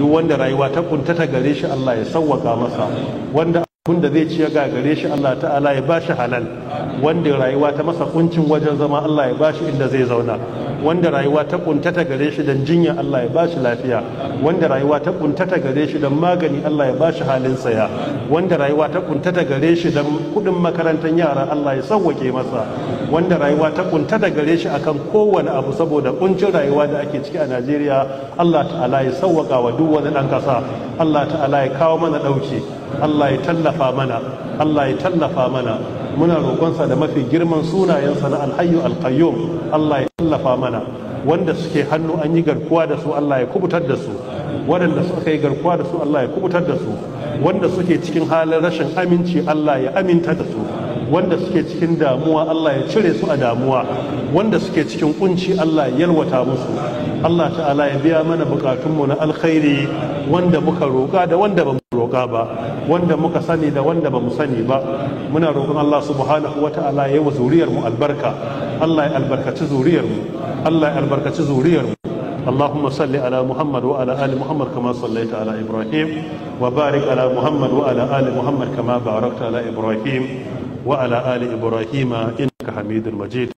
duk wanda rayuwa ta kuntata gare shi Allah ya sauwaka masa wanda abun da zai ciya ga gare shi Allah ta'ala ya bashi halal wanda rayuwa ta masa kuncin wajen zama Allah ya bashi inda zai zauna wanda rayuwa ta kuntata gare shi dan jinya Allah ya bashi lafiya wanda rayuwa ta kuntata gare shi dan magani Allah ya bashi halin saya wanda rayuwa ta kuntata gare shi dan kudin makarantar yara Allah ya sauwake masa wanda rayuwa ta kuntata gare shi akan kowane abu saboda kuncin rayuwa da ake ciki a Najeriya Allah ta'ala ya sauwaka wa duk wani dan kasa Allah ta'ala ya kawo mana dauke Allah ya tallafa mana Allah ya tallafa mana muna roƙonsa da mafi girman sunayensa na alhayyu alqayyum Allah ya tallafa mana wanda suke hannu an yi garkuwa da su Allah ya kubutar da su waɗanda suka yi garkuwa da su Allah ya kubutar da su wanda suke cikin halin rashin aminci Allah ya aminta da su wanda suke cikin damuwa Allah ya cire su a damuwa wanda suke cikin kunci Allah ya yalwata musu Allah ta'ala ya biya mana bukatunmu na alkhairi wanda muka roƙa da wanda ba roƙa ba wanda muka sani da wanda ba mu sani ba muna roƙon Allah subhanahu wata'ala ya yi wa zuriyar mu albarka Allah ya albarkaci zuriyar mu Allah ya albarkaci zuriyar mu اللهم صل على محمد وعلى آل محمد كما صليت على إبراهيم وبارك على محمد وعلى آل محمد كما باركت على إبراهيم وعلى آل إبراهيم إنك حميد مجيد